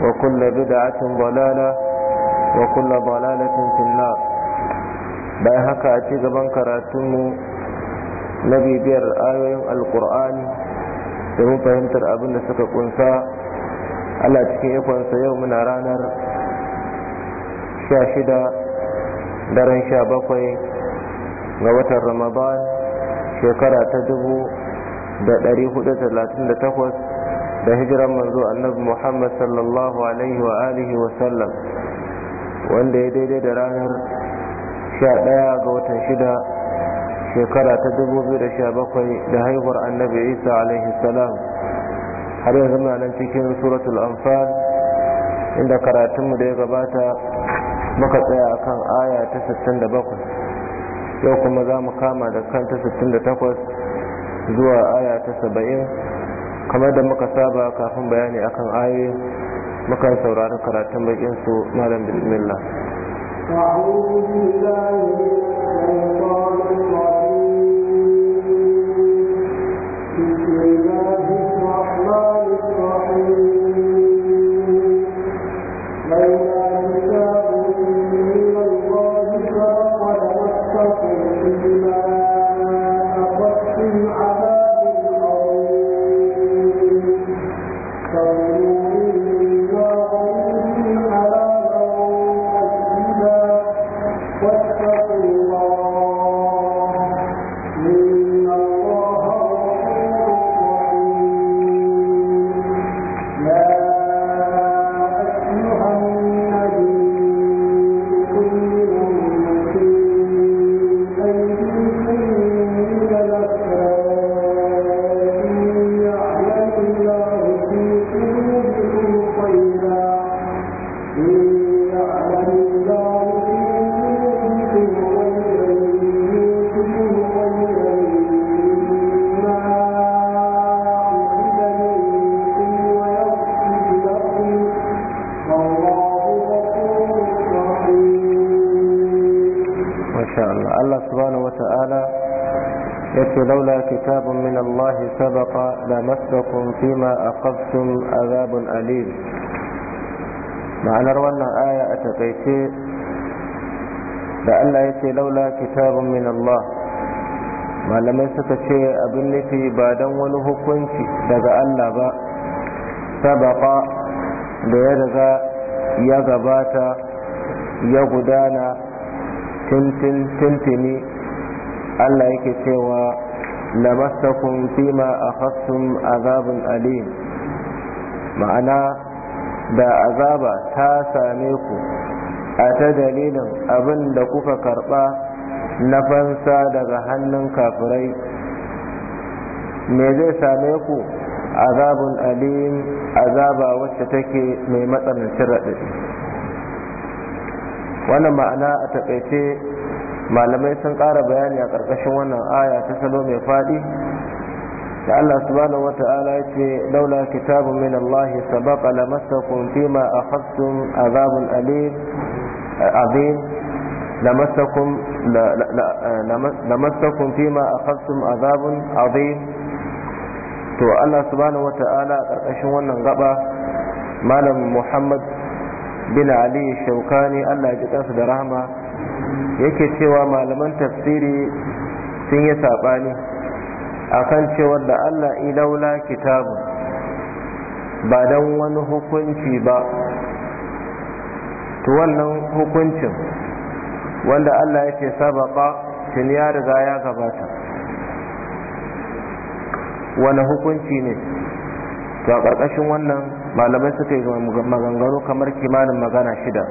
وكل بدعة ضلالة وكل ضلالة في النار بأي هكا أتيك na bibiyar بير آية القرآن domin fahimtar abin da suka ƙunsa Allah cikin ikonsa yau muna ranar 16 daren 17 ga watan Ramadan shekara ta 1438 da hijiran manzo annabi muhammad sallallahu alaihi wa alihi wa sallam wanda ya daidai da ranar 11 ga watan shida shekara ta 2017 da haihuwar annabi isa alaihi salam har yanzu muna nan cikin suratul anfal inda karatunmu da ya gabata muka tsaya kan aya ta 67 yau kuma za mu kama da kan ta 68 zuwa aya ta 70 kamar da muka saba kafin bayani akan ayoyi mukan saurari karatun bakin su malam bismillah Allah Allah subhanahu ya yace laula kitabun min Allah sabaqa a fima aqabtum azabun alim ma'anar wannan aya a takaice da Allah yace laula kitabun min Allah malamai suka ce abin nufi ba don wani hukunci daga Allah ba sabaqa da ya riga ya gabata ya gudana tintin tintini Allah yake cewa lamassakum fima akhadtum azabun alim ma'ana da azaba ta same ku a ta dalilin abin da kuka karba na fansa daga hannun kafirai me zai same ku azabun alim azaba wacce take mai matsanancin raɗaɗi wannan ma'ana a taƙaice malamai sun ƙara bayani a ƙarƙashin wannan aya ta salo mai faɗi da Allah subhanahu wa ta'ala ya ce laula kitabun min Allah sabaqa lamassakum fima akhadtum azabun alim azim lamassakum lamassakum fima akhadtum azabun azim to Allah subhanahu wa ta'ala a ƙarƙashin wannan gaba malam Muhammad bin ali shaukani allah ji kansu da rahama yake cewa malaman tafsiri sun yi saɓani kan cewar da allah ilaula kitabu ba don wani hukunci ba to wannan hukuncin wanda allah ya ce sabaka tun ya riga ya gabata wani hukunci ne to a ƙarƙashin wannan malamai suka yi maganganu kamar kimanin magana shida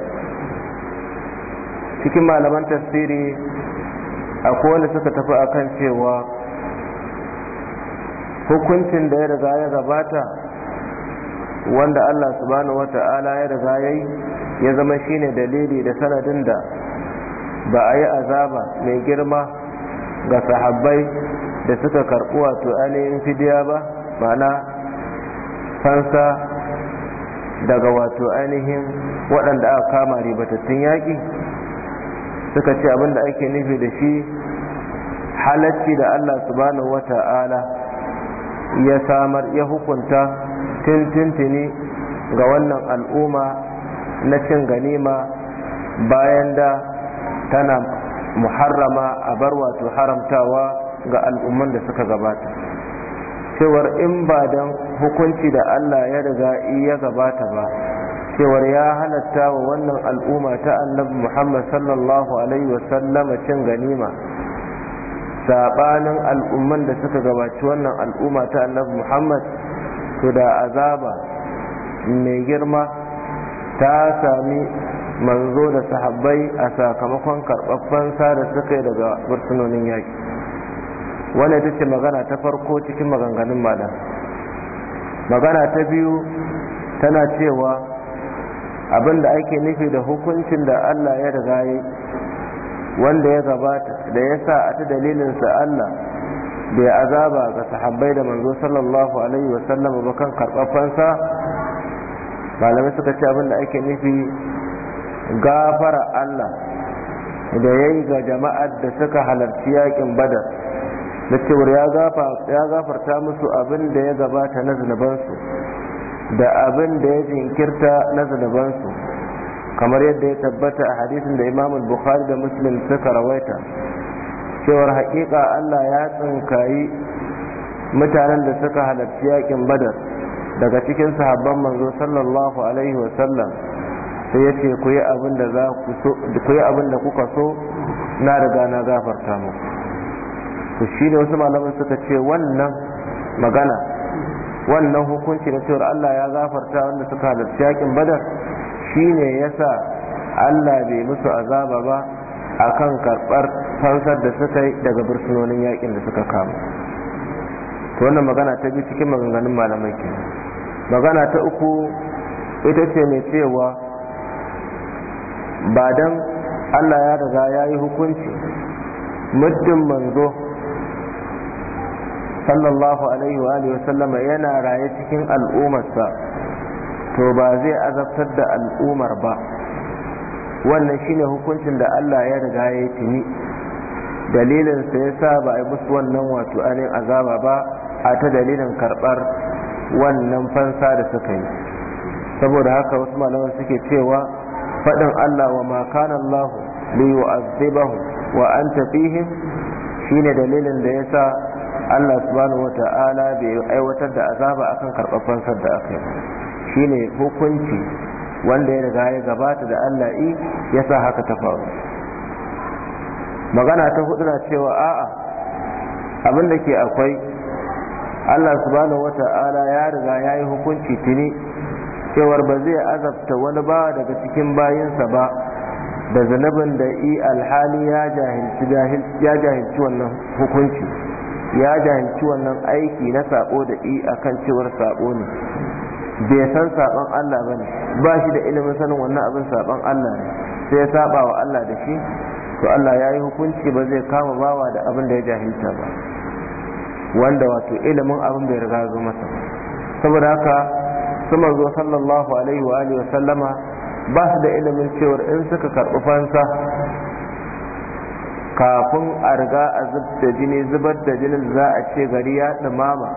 cikin malaman tafsiri a kowane suka tafi a kan cewa hukuncin da ya riga ya gabata wanda Allah subhanahu wata'ala ya riga ya yi ya zama shine dalili da sanadin da ba a yi azaba mai girma ga sahabbai da suka karɓi wato ainihin fidiya ba ma'ana fansa daga wato ainihin waɗanda aka kama ribatattun yaƙi suka ce abin da ake nufi da shi halacci da Allah subhanahu ta'ala ya samar ya hukunta tintintini ga wannan al'umma na cin ganima bayan da tana muharrama a bar wato haramtawa ga al'umman da suka gabata cewar in ba don hukunci da Allah ya riga ya gabata ba cewar ya halatta wa wannan al'umma ta annabi Muhammad sallallahu alaihi wa sallama cin ganima sabanin al'umman da suka gabaci wannan al'umma ta annabi Muhammad to da azaba mai girma ta sami manzo da sahabbai a sakamakon sa da suka yi daga burtunonin yaki wanda ita ce magana ta farko cikin maganganun malam magana ta biyu tana cewa abin da ake nufi da hukuncin da Allah ya riga yi wanda ya gabata da ya sa a ta dalilinsa Allah bai azaba ga sahabbai da manzo sallallahu alaihi wasallam ba kan karbafansa. malamai suka ce abin da ake nufi gafara Allah da ya yi ga jama'ar da suka halarci yakin badar da cewar ya gafarta musu abin da ya gabata na zunubansu da abin da ya jinkirta na zunubansu kamar yadda ya tabbata a hadisin da imamul bukhari da muslim suka rawaita cewar hakika allah ya tsinkayi mutanen da suka halarci yakin badar daga cikin sahabban manzo sallallahu alaihi wasallam sai ya ce ku yi abin da kuka so na riga na gafarta muku to shi ne wasu malamai suka ce wannan magana wannan hukunci na cewar Allah ya gafarta wanda suka halarci yakin badar shi ne ya sa Allah bai musu azaba ba a kan karɓar fansar da suka yi daga bursunonin yakin da suka kama wannan magana ta bi cikin maganganun malamai ke magana ta uku ita ce mai cewa ba dan Allah ya riga ya yi hukunci muddin manzo sallallahu alaihi wa alihi yana raye cikin al'umarsa to ba zai azabtar da al'umar ba wannan shine hukuncin da Allah ya riga ya tuni dalilin sa yasa ba a musu wannan wato ainihin azaba ba a ta dalilin karbar wannan fansa da suka yi saboda haka wasu malaman suke cewa faɗin Allah wa ma kana Allah li yu'azzibahum wa anta fihim shine dalilin da yasa Allah subhanahu wata'ala bai aiwatar da azaba akan karɓar fansar da aka yi shine hukunci wanda ya riga ya gabata da Allah i ya sa haka ta faru magana ta hudu na cewa a'a abin da ke akwai Allah subhanahu wata'ala ya riga ya yi hukunci tuni cewar ba zai azabta wani ba daga cikin bayinsa ba da zanabin da i alhali ya jahilci wannan hukunci ya jahanci wannan aiki na sabo da i kan cewar sabo ne bai san sabon Allah ba ne. ba shi da ilimin sanin wannan abin sabon Allah ne sai ya saba wa Allah da shi to Allah ya yi hukunci ba zai kama bawa da abin da ya jahilta ba wanda wato ilimin abin bai riga zo masa saboda haka su manzo sallallahu alaihi wa alihi wa sallama ba su da ilimin cewar in suka karɓi fansa kafin a riga a zub da jini zubar da jinin za a ce gari ya dumama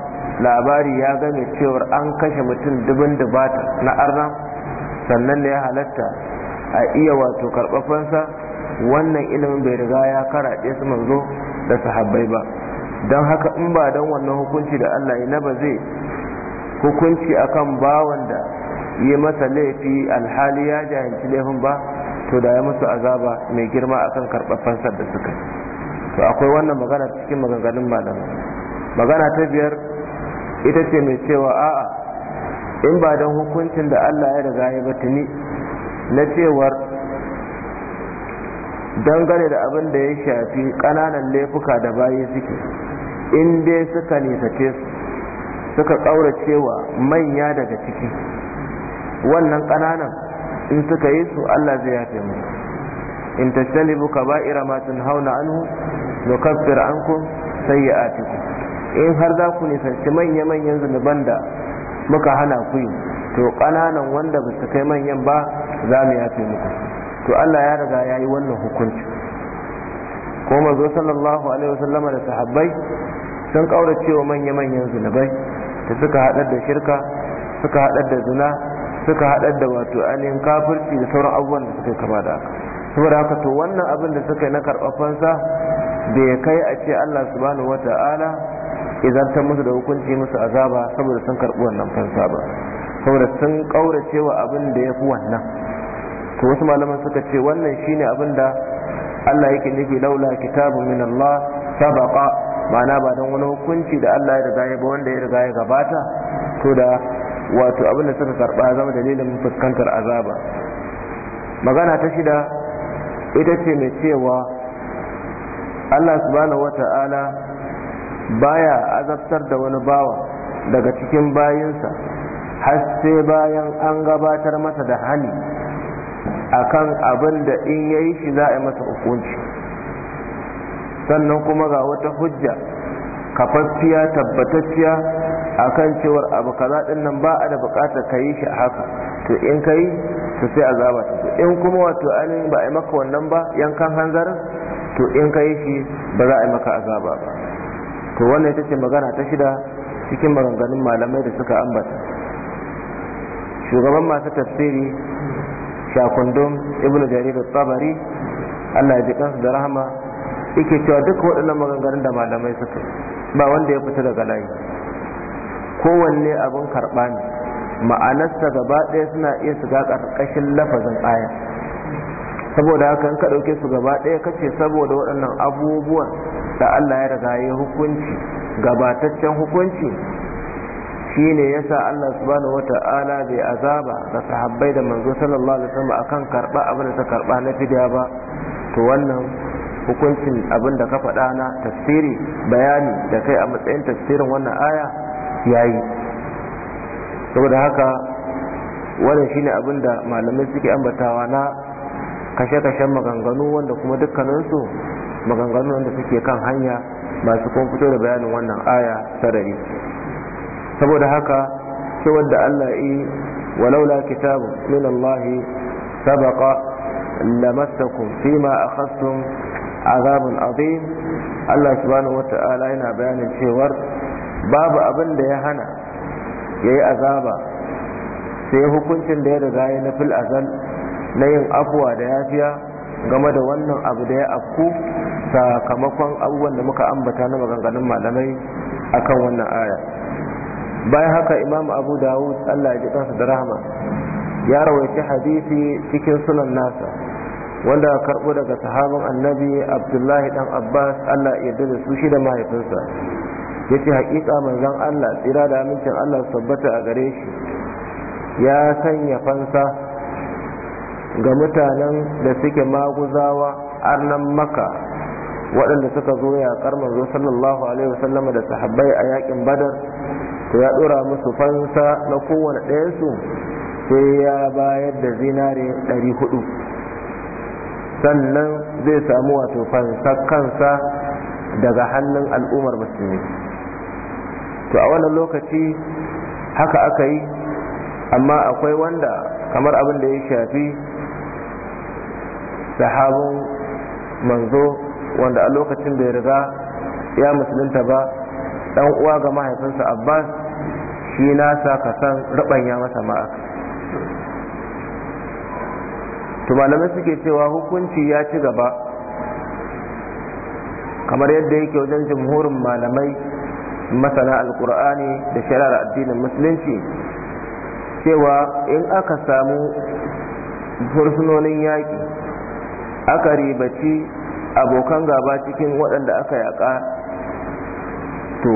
labari ya game cewar an kashe mutum dubin dubata na arna sannan ne ya halatta a iya wato karbafansa wannan ilimin bai riga ya karaɗe su manzo da sahabbai ba don haka in ba don wannan hukunci da allah ya ba zai hukunci akan bawan da yi masa laifi alhali ya jahilci laifin ba to da ya musu azaba mai girma akan karɓar fansar da suka to akwai wannan magana cikin maganganun malamai magana ta biyar ita ce mai cewa a'a in ba don hukuncin da Allah ya riga ya batuni na cewar dangane da abin da ya shafi ƙananan laifuka da bayi suke in dai suka nisace su suka ƙaura cewa manya daga ciki wannan ƙananan in suka yi su Allah zai yafe mu. in tajtanibu kaba'ira ma tunhauna anhu nukaffir ankum sayyi'atikum in har za ku nisanci manya-manyan zunuban da muka hana ku yi to ƙananan wanda ba su kai manyan ba za mu yafe muku to Allah ya riga ya yi wannan hukunci ko manzo sallallahu alaihi wasallama da sahabbai sun kaura cewa manya-manyan zunubai da suka haɗar da shirka suka haɗar da zina suka haɗar da wato ainihin kafirci da sauran abubuwan da suka kama da haka saboda haka to wannan abin da suka yi na karɓafansa bai kai a ce Allah subhanahu wata'ala idan ta musu da hukunci musu azaba saboda sun karɓi wannan fansa ba saboda sun ƙaurace wa abin da ya fi wannan to wasu malaman suka ce wannan shine abin da Allah yake nufi laula kitabu min Allah sabaqa ma'ana ba don wani hukunci da Allah ya riga ya ba wanda ya riga ya gabata to da wato abin da suka karba zama dalilin fuskantar azaba magana ta shida ita ce mai cewa Allah subhanahu wata'ala baya azabtar da wani bawa daga cikin bayinsa har sai bayan an gabatar masa da hali akan abin da in yayi shi za a yi masa hukunci sannan kuma ga wata hujja kafaffiya tabbatacciya akan cewar abu kaza din nan ba a da bukatar ka yi shi haka to in ka yi to sai azaba to in kuma wato ainihin ba a yi maka wannan ba yankan hanzarin to in ka shi ba za a yi maka azaba ba to wannan ita ce magana ta shida cikin maganganun malamai da suka ambata shugaban masu tafsiri shakundum ibnu jarir tabari Allah ya ji da rahama yake cewa duk waɗannan maganganun da malamai suka ba wanda ya fita daga layi kowanne abin karɓa ne ma'anarsa gaba ɗaya suna iya shiga ƙarƙashin lafazin aya saboda haka in ka ɗauke su gaba ɗaya kace saboda waɗannan abubuwan da Allah ya riga ya hukunci gabataccen hukunci shine yasa Allah subhanahu wata'ala bai azaba da sahabbai da manzo sallallahu alaihi wasallam akan karba abin da ta karba na fidiya ba to wannan hukuncin abin da ka faɗa na tafsiri bayani da kai a matsayin tafsirin wannan aya yayi saboda haka wannan shine abin da malamai suke ambatawa na kashe-kashen maganganu wanda kuma dukkaninsu maganganu wanda suke kan hanya masu kuma fito da bayanin wannan aya sarari saboda haka cewar da Allah yi walaula kitabu min Allah sabaqa fi ma akhastum azabun azim Allah subhanahu wata'ala yana bayanin cewar babu abin da ya hana ya yi azaba sai hukuncin da ya riga ya nafil azal na yin abuwa da yafiya game da wannan abu da ya afku sakamakon abubuwan da muka ambata na maganganun malamai akan wannan aya bayan haka imam abu dawud allah ya ji kansa da rahama ya rawaici hadisi cikin sunan nasa wanda ya karbo daga sahabin annabi abdullahi dan abbas allah ya yarda da su shi da mahaifinsa ya ce haƙiƙa manzon Allah tsira da amincin Allah tabbata a gare shi ya sanya fansa ga mutanen da suke maguzawa arnan maka waɗanda suka zo ya yaƙar zo sallallahu alaihi wasallama da sahabbai a yaƙin badar to ya ɗora musu fansa na kowane ɗaya su sai ya bayar da zinare ɗari hudu sannan zai samu wato fansa kansa daga hannun al'ummar musulmi to a wannan lokaci haka aka yi amma akwai wanda kamar abin da ya shafi sahabin manzo wanda a lokacin bai riga ya musulunta ba dan uwa ga mahaifinsa abbas shi nasa kasan rubanya masa ma'a to malamai suke cewa hukunci ya ci gaba kamar yadda yake wajen jumhurin malamai masana alkur'ani da shari'ar addinin musulunci cewa in aka samu fursunonin yaƙi aka ribaci abokan gaba cikin waɗanda aka yaƙa to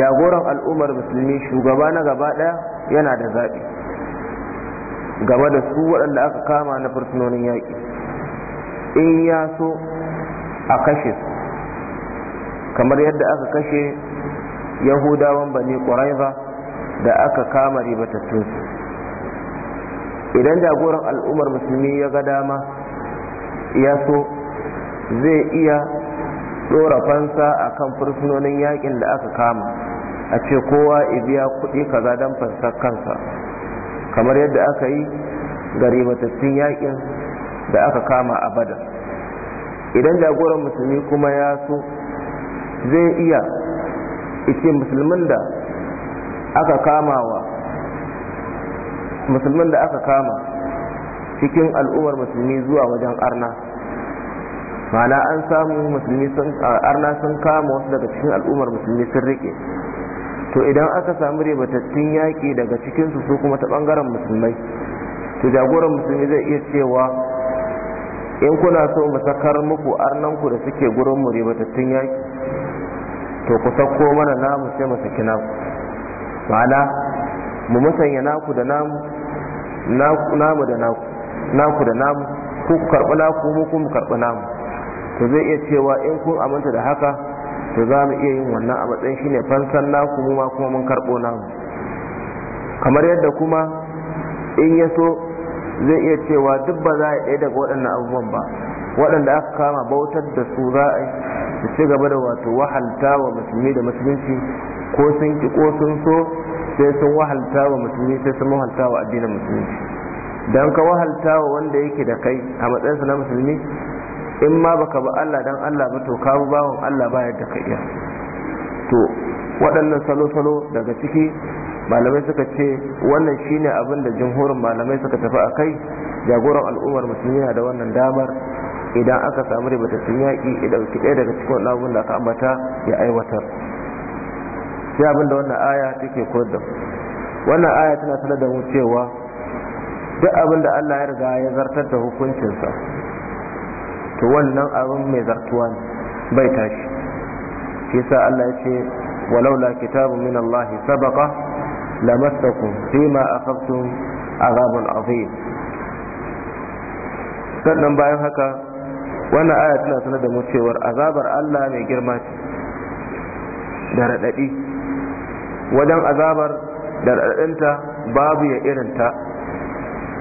jagoran al'ummar musulmi shugaba na gaba ɗaya yana da zaɓi gaba da su waɗanda aka kama na fursunonin yaƙi in ya so a kashe su kamar yadda aka kashe yahudawan bani ƙuraiba da aka kama ribatattunsu idan jagoran al'ummar musulmi ya ga dama ya so zai iya ɗora fansa a kan fursunonin yakin da aka kama a ce kowa biya kuɗi kaza don fansar kansa kamar yadda aka yi ga ribatattun yakin da aka kama a Bada, idan jagoran musulmi kuma ya so zai iya ike musulmin da aka wa musulman da aka kama cikin al'ummar musulmi zuwa wajen arna mana an samu musulmi sun arna sun kama wasu daga cikin al'ummar musulmi sun rike to idan aka samu ribatattun yaƙi daga cikinsu su kuma ta ɓangaren musulmai to jagoran musulmi zai iya cewa in kuna so mu sakar muku arnanku da suke gurin mu ribatattun yaƙi to ku sauko mana namu sai mu saki namu ma'ana mu musanya naku da namu namu da naku naku da namu ku ku karɓi naku mu ku mu karɓi namu to zai iya cewa in kun aminta da haka to za mu iya yin wannan a matsayin shine fansan naku mu ma kuma mun karɓo namu kamar yadda kuma in ya so zai iya cewa duk ba za a ɗaya daga waɗannan abubuwan ba waɗanda aka kama bautar da su za a yi su ci gaba da wato wahalta wa musulmi da musulunci ko sun ki ko sun so sai sun wahalta wa musulmi sai sun wahalta wa addinin musulunci dan ka wahalta wa wanda yake da kai a matsayinsa na musulmi in ma baka ba Allah dan Allah ba to ka bawon Allah ba yadda ka iya to waɗannan salo-salo daga ciki malamai suka ce wannan shine abin da jumhurin malamai suka tafi a kai jagoran al'ummar musulmi da wannan damar idan aka samu ribatattun yaƙi idan ɗauki ɗaya daga cikin wani da aka ambata ya aiwatar sai abin da wannan aya take koyar da wannan aya tana sanar da mu cewa duk abin da Allah ya riga ya zartar da hukuncinsa to wannan abin mai zartuwa ne bai tashi shi yasa Allah ya ce walaula kitabun min Allah sabaqa lamastakum fima akhadtum azabun azim sannan bayan haka wannan aya tana sanar da mu cewar azabar Allah mai girma ce da raɗaɗi wajen azabar da raɗaɗinta babu ya irinta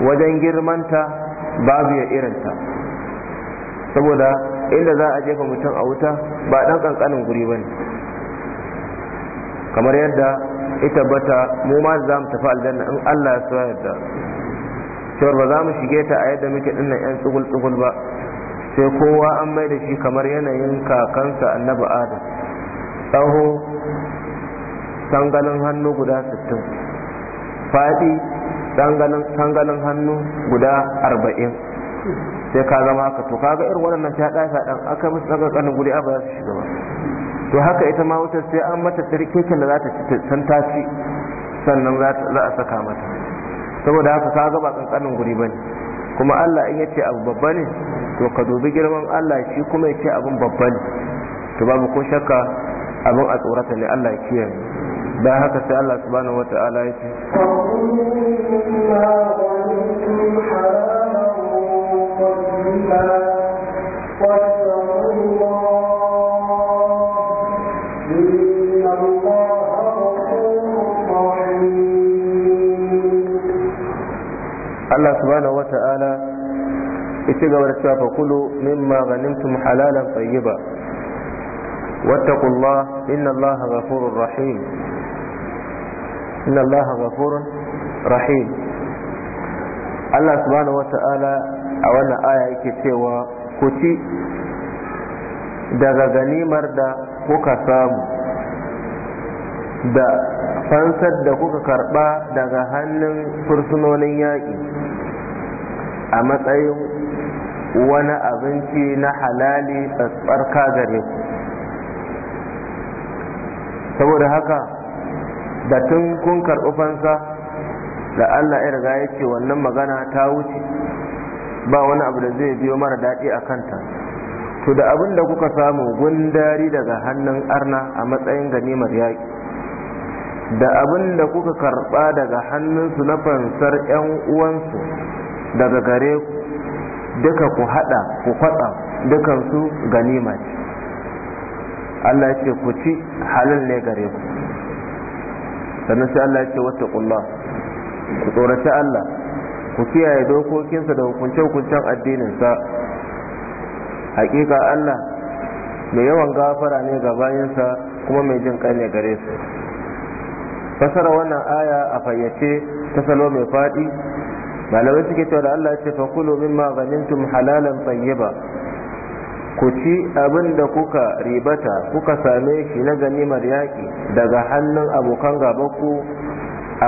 wajen girmanta babu ya irinta saboda inda za a jefa mutum a wuta ba ɗan ƙanƙanin guri ba ne kamar yadda ita bata mu ma za mu tafi aljanna in Allah ya so yadda. cewar ba za mu shige ta a yadda muke dinnan yan tsugul tsugul ba sai kowa an mai da shi kamar yanayin kakansa annabi adam tsaho sangalin hannu guda 60 faɗi sangalin hannu guda 40 sai ka zama haka to kaga irin waɗannan fyaɗa ɗan aka musu tsaga guri ba za su shiga ba to haka ita ma wutar sai an mata tsirkekin da za ta ci san ta ci sannan za a saka mata saboda haka kaga ba kankanin guri ba ne, kuma Allah in yace abu babba ne to ka dubi girman Allah shi kuma ya ce abin babban to babu ko shakka abin a tsorata ne Allah ya kiyaye dan haka sai Allah subhanahu wata'ala ya ce Allah subhanahu ta'ala. ci gaba da cewa kulu min ghanimtum halalan tayyiba wattaqullah inna allaha ghafurur rahim inna allaha ghafurur rahim Allah subhanahu wata'ala a wannan aya yake cewa ku ci daga ganimar da kuka samu da fansar da kuka karba daga hannun fursunonin yaƙi a matsayin wani abinci na halali tsarka gare ku saboda haka da tun kun karɓi fansa da Allah ya riga ya ce wannan magana ta wuce ba wani abu da zai biyo mara daɗi a kanta to da abin da kuka samu gundari daga hannun arna a matsayin ganimar yaƙi da abin da kuka karɓa daga hannunsu na fansar 'yan uwansu daga gare ku duka ku hada ku kwatsa dukansu ganima ce Allah ya ce ku ci halal ne gare ku sannan sai Allah ya ce wata ƙulla ku tsoraci Allah ku kiyaye dokokinsa da hukunce-hukuncen addininsa hakika Allah mai yawan gafara ne ga bayansa kuma mai jin ne gare su fasara wannan aya a fayyace ta salo mai faɗi malamai suke cewa da Allah ce fa kulu mimma ghanimtum halalan tayyiba ku ci abin da kuka ribata kuka same shi na ganimar yaƙi daga hannun abokan gabanku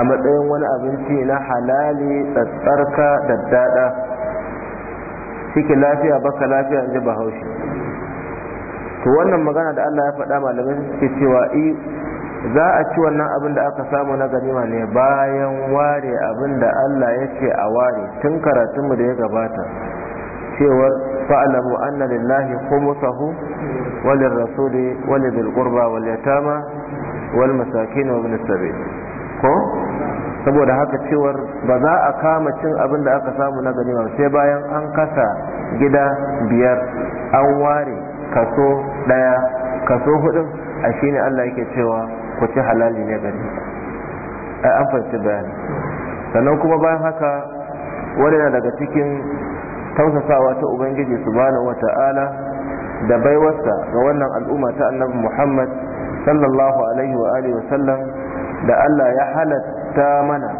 a matsayin wani abinci na halali da daddada ciki lafiya baka lafiya in ji bahaushe to wannan magana da Allah ya faɗa malamai suke cewa i za a ci wannan abin da aka samu na ganima ne bayan ware abin da Allah ya ce a ware tun karatunmu da ya gabata cewar fa'alamu anna lillahi khumsahu wa lirrasuli wa bilgurba wal yatama wal masakin wa wani sabil ko saboda haka cewar ba za a kama cin abin da aka samu na ganima sai bayan an kasa gida biyar an ware kaso daya kaso hudun a shine Allah yake cewa ku ci halali ne gare ai an fahimci bayani sannan kuma bayan haka wani na daga cikin tausasawa ta ubangiji subhanahu wata'ala da baiwarsa ga wannan al'umma ta annabi muhammad sallallahu alaihi wa alihi wasallam da allah ya halatta mana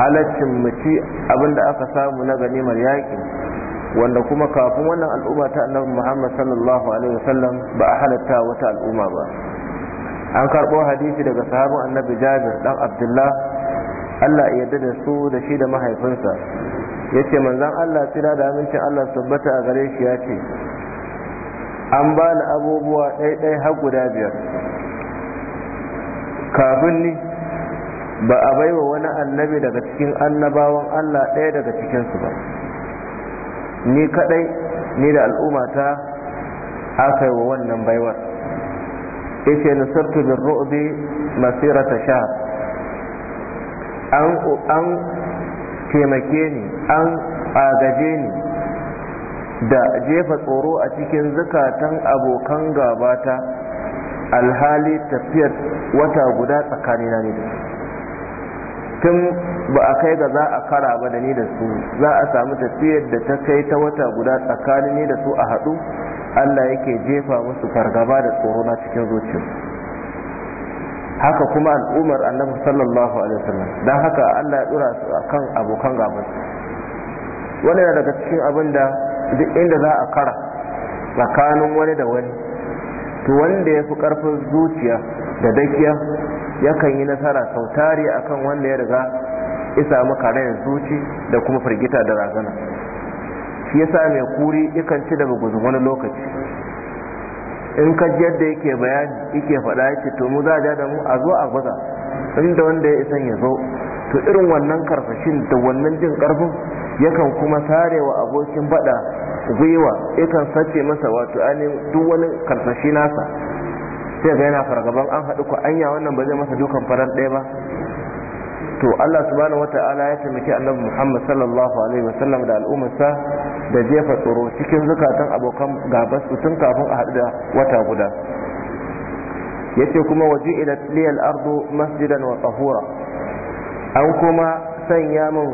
halaccin mace abinda aka samu na ganimar yaƙi wanda kuma kafin wannan al'umma ta annabi muhammad sallallahu alaihi wasallam ba a halatta wata al'umma ba an karɓo hadisi daga sahabin annabi jabir dan abdullah allah ya yarda da su da shi da mahaifinsa ya ce manzan allah tira da amincin allah tabbata a gare shi ya ce an ba ni abubuwa ɗaiɗai har guda biyar kafin ni ba a baiwa wani annabi daga cikin annabawan allah ɗaya daga cikinsu ba ni kaɗai ni da al'ummata aka yi wa wannan baiwar yace nusirtu bin ru'bi masirata sha an an taimake ni an agaje ni da jefa tsoro a cikin zukatan abokan gabata alhali tafiyar wata guda tsakanina ne da tun ba a kai ga za a kara ba da ni da su za a samu tafiyar da ta kai ta wata guda tsakanin ni da su a haɗu Allah yake jefa musu fargaba da tsoro na cikin zuciyarsu haka kuma al'ummar annabi sallallahu alaihi wasallam dan haka Allah ya dura su akan abokan gaban wani daga cikin abin da duk inda za a kara tsakanin wani da wani to wanda ya fi karfin zuciya da dakiya yakan yi nasara sau tari akan wanda ya riga isa maka zuci da kuma firgita da razana shi yasa mai kuri ikan ci daga guzun wani lokaci in ka ji yadda yake bayani yake faɗa yake to mu za a da mu a zo a gwaza inda wanda ya isan ya zo to irin wannan karfashin da wannan jin karfin yakan kuma wa abokin faɗa gwiwa yakan sace masa wato ainihin duk wani karfashi nasa sai ga yana fargaban an haɗu ko anya wannan ba zai masa dukan farar ɗaya ba to Allah subhanahu wata'ala ya taimaki annabi Muhammad sallallahu alaihi wasallam da al'ummarsa da jefa tsoro cikin zukatan abokan gabas tun kafin a haɗu da wata guda yace kuma waje idan liyal ardu masjidan wa tahura an kuma sanya min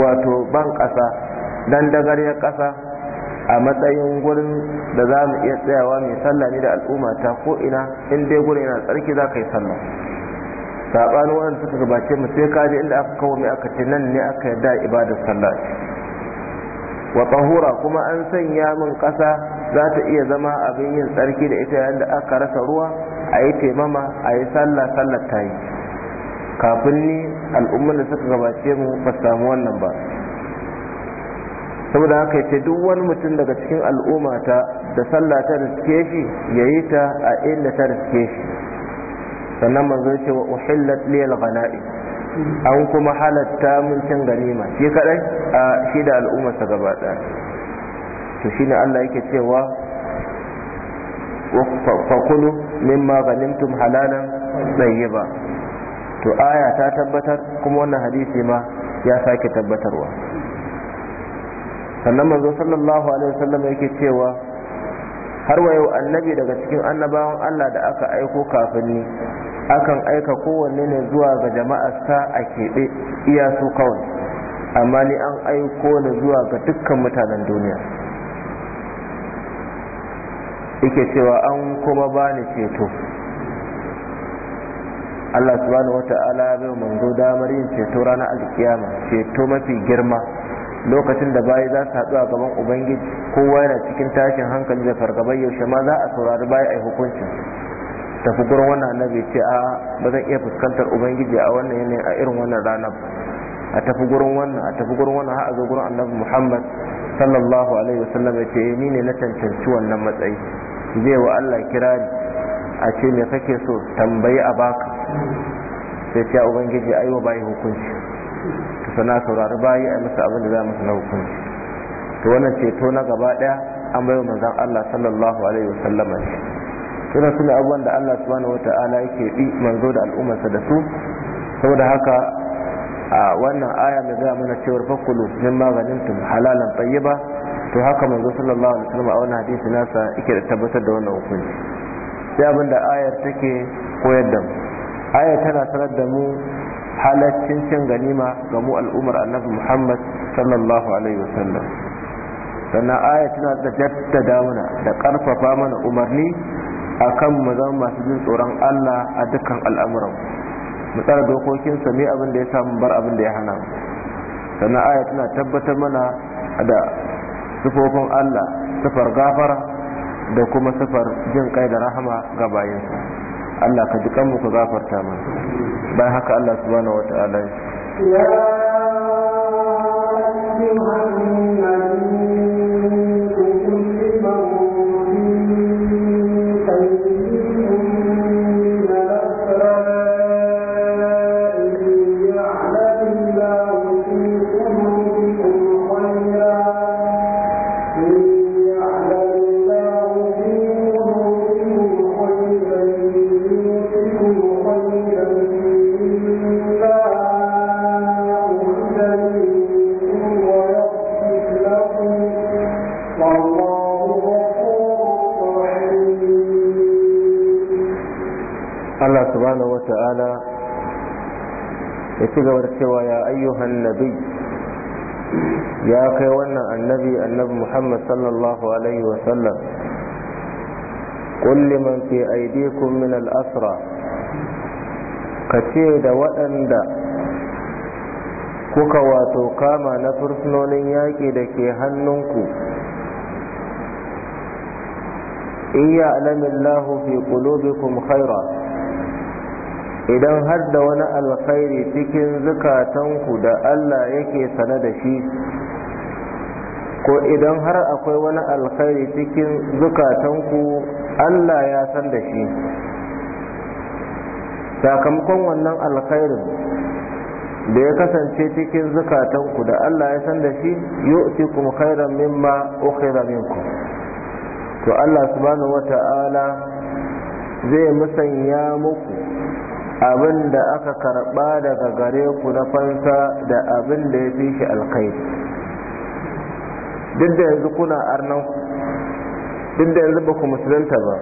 wato ban ƙasa dan dagariyar ƙasa a matsayin gurin da za mu iya tsayawa mai sallah ne da al'umma ta ko ina in dai gurin yana tsarki za ka yi sallah sabanin wanda suka gabace mu sai kaje inda aka kawo mai aka ce nan ne aka da ibadar sallah wa tahura kuma an sanya min kasa za ta iya zama abin yin tsarki da ita yayin aka rasa ruwa a yi taimama a yi sallah sallar ta yi kafin ni al'ummar da suka gabace mu ba samu wannan ba saboda haka yace duk wani mutum daga cikin al'ummata da sallah ta riske shi ya yi ta a inda ta riske shi sannan manzo ya ce wa uhillat liyal ghana'i an kuma halatta mun cin ganima shi kadai a shi da ta gaba to shine Allah yake cewa fakulu mimma ghanimtum halalan tayyiba to aya ta tabbatar kuma wannan hadisi ma ya sake tabbatarwa sannan manzo sallallahu alaihi wasallam yake cewa har wa yau annabi daga cikin annabawan Allah da aka aiko kafin ni akan aika kowanne ne zuwa ga jama'arsa a keɓe iya su kawai amma ni an aiko ni zuwa ga dukkan mutanen duniya yake cewa an kuma bani ceto Allah subhanahu wata'ala bai manzo damar yin ceto ranar alkiyama ceto mafi girma lokacin da bayi za su haɗu a gaban ubangiji kowa yana cikin tashin hankali da fargabai yaushe ma za a saurari bayi a yi hukuncin tafi gurin wannan annabi ce a ba zan iya fuskantar ubangiji a wannan yanayin a irin wannan ranar a tafi gurin wannan a tafi gurin wannan har a zo gurin annabi muhammad sallallahu alaihi wasallam ya ce eh, ni ne na cancanci wannan matsayi zai wa allah kirari a ce me kake so tambayi a baka sai ce ubangiji ai wa bayi hukunci sana saurari bayi a masa abin da za masa na hukunci to wannan ceto na gaba daya an bai manzon Allah sallallahu alaihi wasallam ne suna suna abubuwan da Allah subhanahu wataala yake bi manzo da sa da su saboda haka a wannan aya mai gaya mana cewar fakulu min tun halalan tayyiba to haka manzo sallallahu alaihi wasallam a wannan hadisi nasa yake da tabbatar da wannan hukunci sai abin da ayar take koyar da mu ayar tana sanar da mu halaccin cin ganima ga mu al'ummar annabi muhammad sallallahu alaihi wasallam sannan aya tana da jaddada mana da karfafa mana umarni akan mu zama masu jin tsoron allah a dukkan al'amuran mu tsara dokokinsa ne abin da ya samu bar abin da ya hana mu sannan aya tana tabbatar mana da sufofin allah sufar gafara da kuma sufar jin kai da rahama ga bayansa Allah ka ji kanmu ka gafarta mana bayan haka Allah subhanahu wata'ala ya ci gaba da cewa ya ayyuhan nabi ya kai wannan annabi annabi muhammad sallallahu alaihi wasallam kulli man fi aidikum min al-asra ka ce da waɗanda kuka wato kama na fursunonin yaƙi da ke hannunku in alamin lahu fi qulubikum khaira idan har da wani alkhairi cikin zukatanku da Allah yake sane da shi ko idan har akwai wani alkhairi cikin zukatanku Allah ya san da shi sakamakon wannan alkhairin da ya kasance cikin zukatanku da Allah ya san da shi yu'tikum khairan mimma ukhira minkum to Allah subhanahu wata'ala zai musanya muku abin da aka karɓa daga gare ku na fansa da abin da ya fi shi alkhairi duk da yanzu kuna arnan duk da yanzu ba ku musulunta ba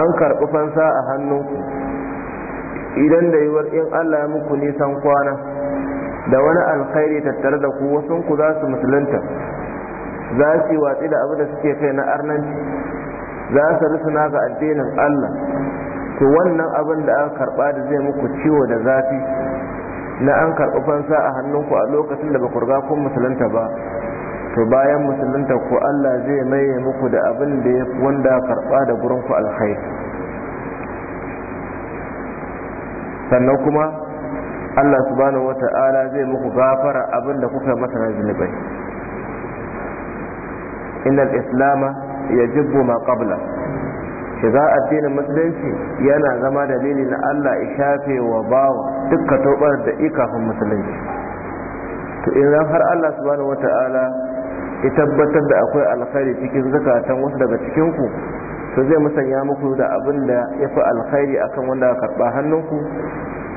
an karɓi fansa a hannunku idan da yiwuwar in allah ya muku nisan kwana da wani alkhairi tattare da ku wasu ku za su musulunta za su yi watsi da abin da suke kai na arnanci za su rusuna ga addinin allah to wannan abin da aka karba da zai muku ciwo da zafi na an karɓi fansa a hannunku a lokacin da ba ku riga kun musulunta ba to bayan musulunta ku Allah zai maye muku da abin da ya wanda karɓa da gurin ku alkhair sannan kuma Allah subhanahu wata'ala zai muku gafara abin da kuka masa na zunubai innal islama yajibu ma qabla shiga addinin musulunci yana zama dalili na Allah ya shafe wa bawa dukkan tobar da ikafin musulunci to idan har Allah subhanahu wata'ala ya tabbatar da akwai alkhairi cikin zakatan wasu daga cikin ku to zai musanya muku da abin da ya fi alkhairi akan wanda ka karba hannunku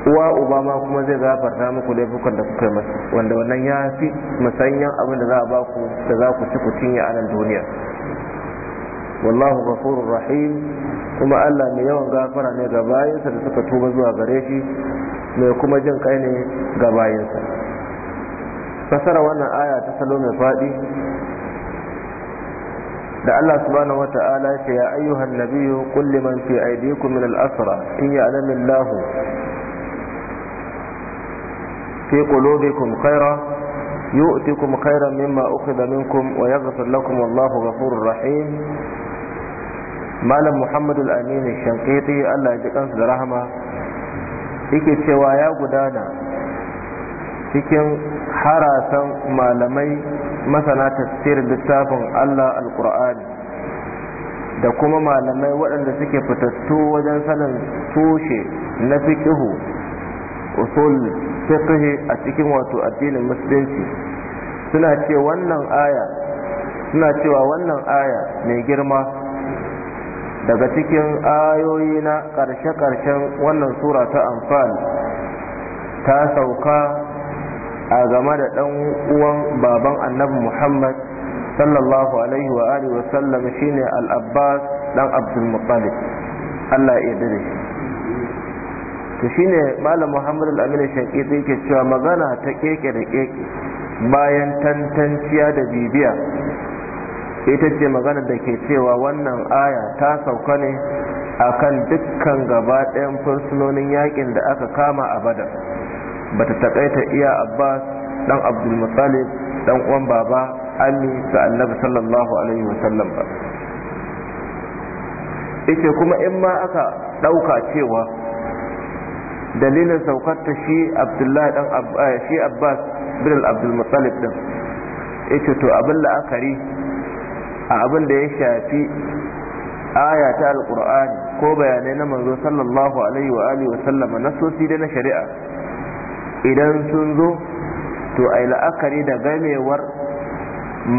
uwa uba ma kuma zai gafarta muku laifukan da kuka masa wanda wannan ya fi musanyan abin da za a baku da za ku ci ku cinye a nan duniya wallahu ghafurur rahim kuma Allah mai yawan gafara ne ga bayansa da suka tuba zuwa gare shi mai kuma jin kai ne ga bayansa fasara wannan aya ta salo mai faɗi da Allah subhanahu wata'ala ya ce ya ayyuhan nabiyyu qul liman fi aydikum min al-asra in ya'lamu Allah fi qulubikum khayra yu'tikum khayran mimma ukhidha minkum wa yaghfir lakum wallahu ghafurur malam muhammadu al-aminu shankiti allah ya ji kansu da rahama yake cewa ya gudana cikin harasan malamai masana tafsirin littafin allah al da kuma malamai waɗanda suke fitattu wajen sanin tushe na fiƙihu usul fiqhi a cikin wato addinin musulunci suna ce wannan aya suna cewa wannan aya mai girma daga cikin ayoyi na ƙarshe-ƙarshen wannan sura ta amfani ta sauka a game da ɗan uwan baban annabi muhammad sallallahu alaihi wa alihi wa sallam shine al-abbas dan abdul muttalib Allah ya dare shi to shine malam muhammad al-amin shaqiqi yake cewa magana ta keke da keke bayan tantanciya da bibiya ita ce magana da ke cewa wannan aya ta sauka ne a kan dukkan gaba ɗayan fursunonin yakin da aka kama a badar ta taƙaita iya abbas ɗan abdulmutsalib ɗan uwan baba ali ga annabi sallallahu alaihi wasallam ba ita kuma in ma aka ɗauka cewa dalilin saukarta shi abdullahi dan eh, shi abbas bin abdulmutsalib ɗin ita to abin la'akari a abin da ya shafi aya ta alkur'ani ko bayanai na manzo sallallahu alaihi wa alihi wa sallama na sosi da na shari'a idan sun zo to ai la'akari da gamewar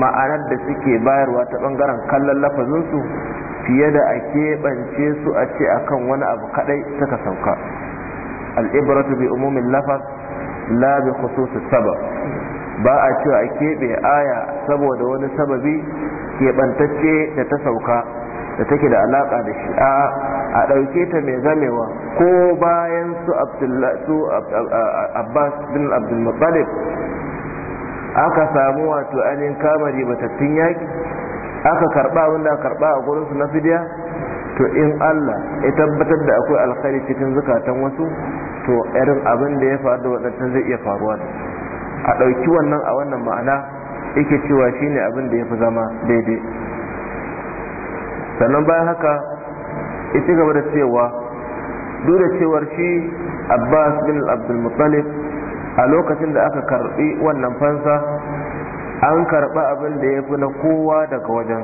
ma'anar da suke bayarwa ta bangaren kallon lafazin su fiye da a keɓance su a ce akan wani abu kadai suka sauka al'ibratu bi umumin lafaz la bi khususis sabab ba a cewa a keɓe aya saboda wani sababi keɓantacce da ta sauka da take da alaƙa da shi a a ɗauke ta mai zamewa ko bayan su abbas bin abdulmuttalib aka samu wato ainihin kamari batattun yaƙi aka karɓa wanda karɓa a gurinsu na fidiya to in Allah ya tabbatar da akwai alkhairi cikin zukatan wasu to irin abin da ya faru da waɗancan zai iya faruwa a ɗauki wannan a wannan ma'ana yake cewa ne abin da ya fi zama daidai sannan bayan haka ya ci gaba da cewa duk da cewar shi abbas bin abdulmuttalib a lokacin da aka karbi wannan fansa an karba abin da ya fi na kowa daga wajen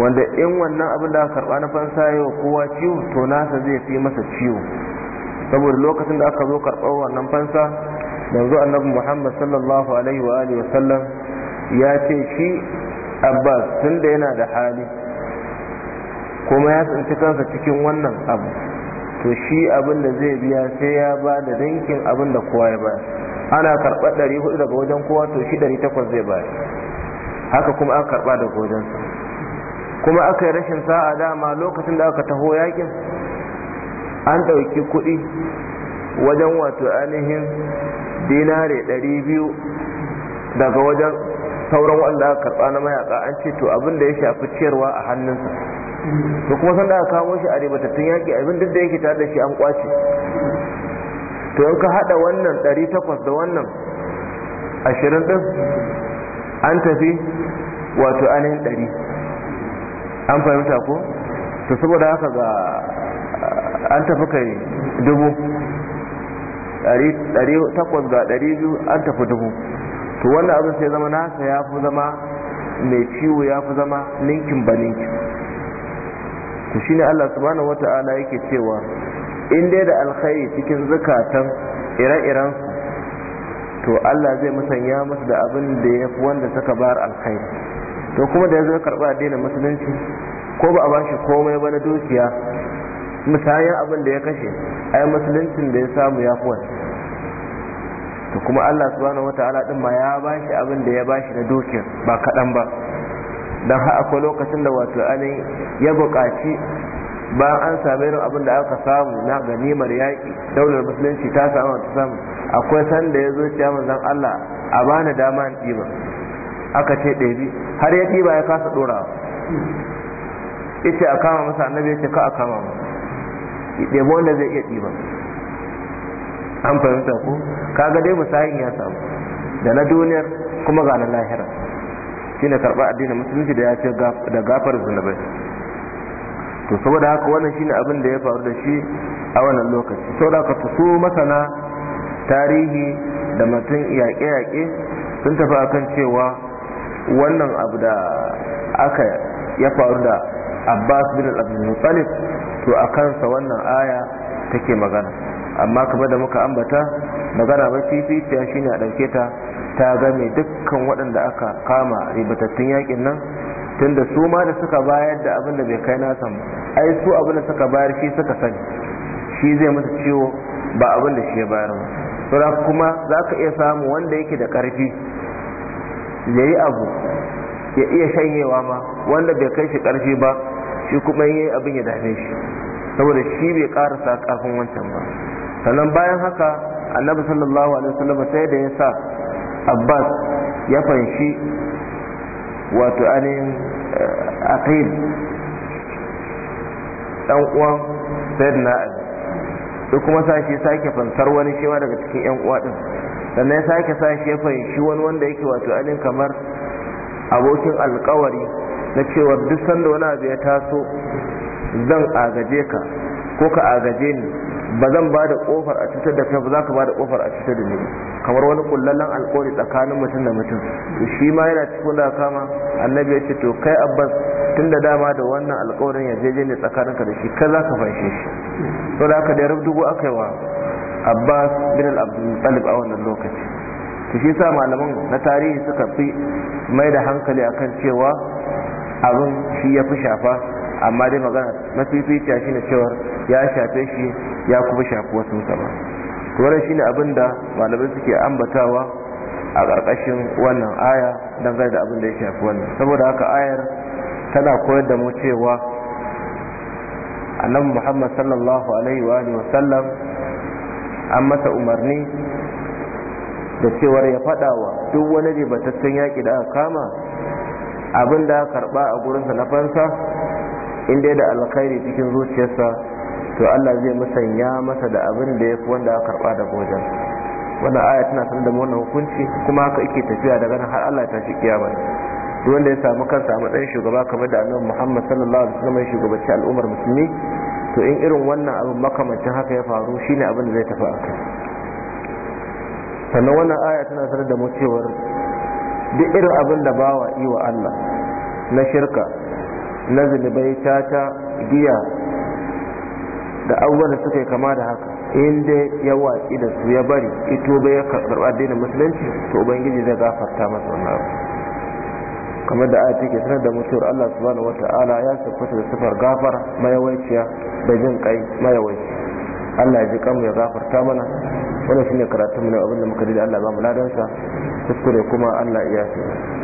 wanda in wannan abin da aka karba na fansa ya wa kowa ciwo to nasa zai fi masa ciwo saboda lokacin da aka zo karɓar wannan fansa yanzu annabi muhammad sallallahu alaihi wa alihi wasallam ya ce shi abbas tunda yana da hali kuma ya tsinci kansa cikin wannan abu to shi abin da zai biya sai ya ba da dinkin abin da kowa ya ba ana karɓar ɗari hudu daga wajen kowa to shi ɗari takwas zai ba haka kuma aka karɓa daga wajensa kuma aka yi rashin sa'a dama lokacin da aka taho yakin an ɗauki kuɗi wajen wato ainihin dinare 200 daga wajen sauran wanda aka karba na mayaka an ce to abin da ya shafi ciyarwa a hannunsa to kuma sanda aka kawo shi a ribatattun yaƙi abin duk da yake tare da shi an kwace to in ka hada wannan 800 da wannan 20 ɗin an tafi wato ainihin 100 an fahimta ko to saboda haka ga an tafi kai dubu takwas ga ɗari biyu an tafi dubu to wannan abin sai zama nasa ya fi zama mai ciwo ya fi zama ninkin ba ninkin to shine Allah subhanahu wata'ala yake cewa in dai da alkhairi cikin zukatan ire-iren to Allah zai musanya musu da abin da ya fi wanda suka bar alkhairi to kuma da ya zo karɓa addinin musulunci ko ba a bashi komai ba na dukiya misayen abin da ya kashe ai musuluncin da ya samu ya kuwa to kuma Allah subhanahu wataala din ma ya bashi abin da ya bashi na dokin ba kaɗan ba don ha akwai lokacin da wato anin ya buƙaci bayan an sami irin abin da aka samu na ganimar yaƙi daular musulunci ta samu ta samu akwai sanda ya zo ciya manzon Allah a bani dama in ɗiba aka ce ɗebi har ya ɗiba ya kasa ɗorawa ita a kama masa annabi ya ce ka a kama masa ɗebo wanda zai iya ɗiba an fahimta ko kaga dai musayin ya samu da na duniyar kuma ga na lahira ne karɓar addinin musulunci da ya ce da gafar zunubai to saboda haka wannan shine abin da ya faru da shi a wannan lokaci saboda haka su masana tarihi da mutum yaƙe-yaƙe sun tafi akan cewa wannan abu da aka ya faru da abbas bin al-abdul to a kansa wannan aya take magana amma kamar da muka ambata magana ba fifitiya shine a ɗauke ta ta ga game dukkan waɗanda aka kama ribatattun yakin nan tunda su ma da suka bayar da abin da bai kai nasa ba ai su abin da suka bayar shi suka sani shi zai masa ciwo ba abin da shi ya bayar ba saura kuma za ka iya samu wanda yake da ƙarfi ya yi abu ya iya shanyewa ma wanda bai kai shi ƙarfi ba shi kuma yi abin ya dame shi saboda shi bai karasa karfin wancan ba sannan bayan haka annabi sallallahu alaihi wasallam sai da ya sa abbas ya fanshi wato anin eh, aqil dan uwan sayyidina ali duk kuma shi sake fansar wani shewa daga cikin yan uwa din sannan ya sake sashi ya fanshi wani wanda yake wato anin kamar abokin alkawari na cewa duk sanda wani abu ya taso zan agaje ka ko ka agaje ni ba zan ba da kofar a cutar da kai ba za ka ba da kofar a cutar da ni kamar wani kullallen alkawari tsakanin mutum da mutum to shi ma yana cikin da kama annabi ya ce to kai abbas tun da dama da wannan alkawarin ya jeje ne tsakanin ka da shi kai za ka fashe shi to da aka da ya aka yi wa abbas bin al-abdul a wannan lokaci to shi sa malaman na tarihi suka fi mai da hankali akan cewa abin shi ya fi shafa amma dai magana mafificiya shine cewar ya shafe shi ya kuma shafi wasu sama wannan shine abin da malamai suke ambatawa a ƙarƙashin wannan aya dangane da abin da ya shafi wannan saboda haka ayar tana koyar da mu cewa annabi muhammad sallallahu alaihi wa alihi wasallam an masa umarni da cewar ya faɗawa duk wani ne san yaƙi da aka kama abin da karba a gurinsa na fansa in da alkhairi cikin zuciyarsa to Allah zai musanya masa da abin da ya fi wanda ya karba da gojan wannan aya tana sanar da wannan hukunci kuma haka yake tafiya daga nan har Allah ta shi kiyama duk wanda ya samu kansa a matsayin shugaba kamar da Annabi Muhammad sallallahu alaihi wasallam ya shugabanci al'ummar musulmi to in irin wannan abin makamancin haka ya faru shine abin da zai tafi akai sannan wannan aya tana sanar da mu cewar duk irin abin da bawa yi Allah na shirka na zunubai tata giya da abubuwan da suka yi kama da haka inda ya watsi da su ya bari ito bai ya karɓar addinin musulunci to ubangiji zai gafarta masa wannan abu kamar da aya ke sanar da mutuwar Allah subhanahu wata'ala ya siffata da sifar gafar mayawaiciya da jin kai mayawaiciya Allah ya ji kamu ya gafarta mana wannan shine karatun mu na abinda muka da Allah ba mu ladansa kuskure kuma Allah iya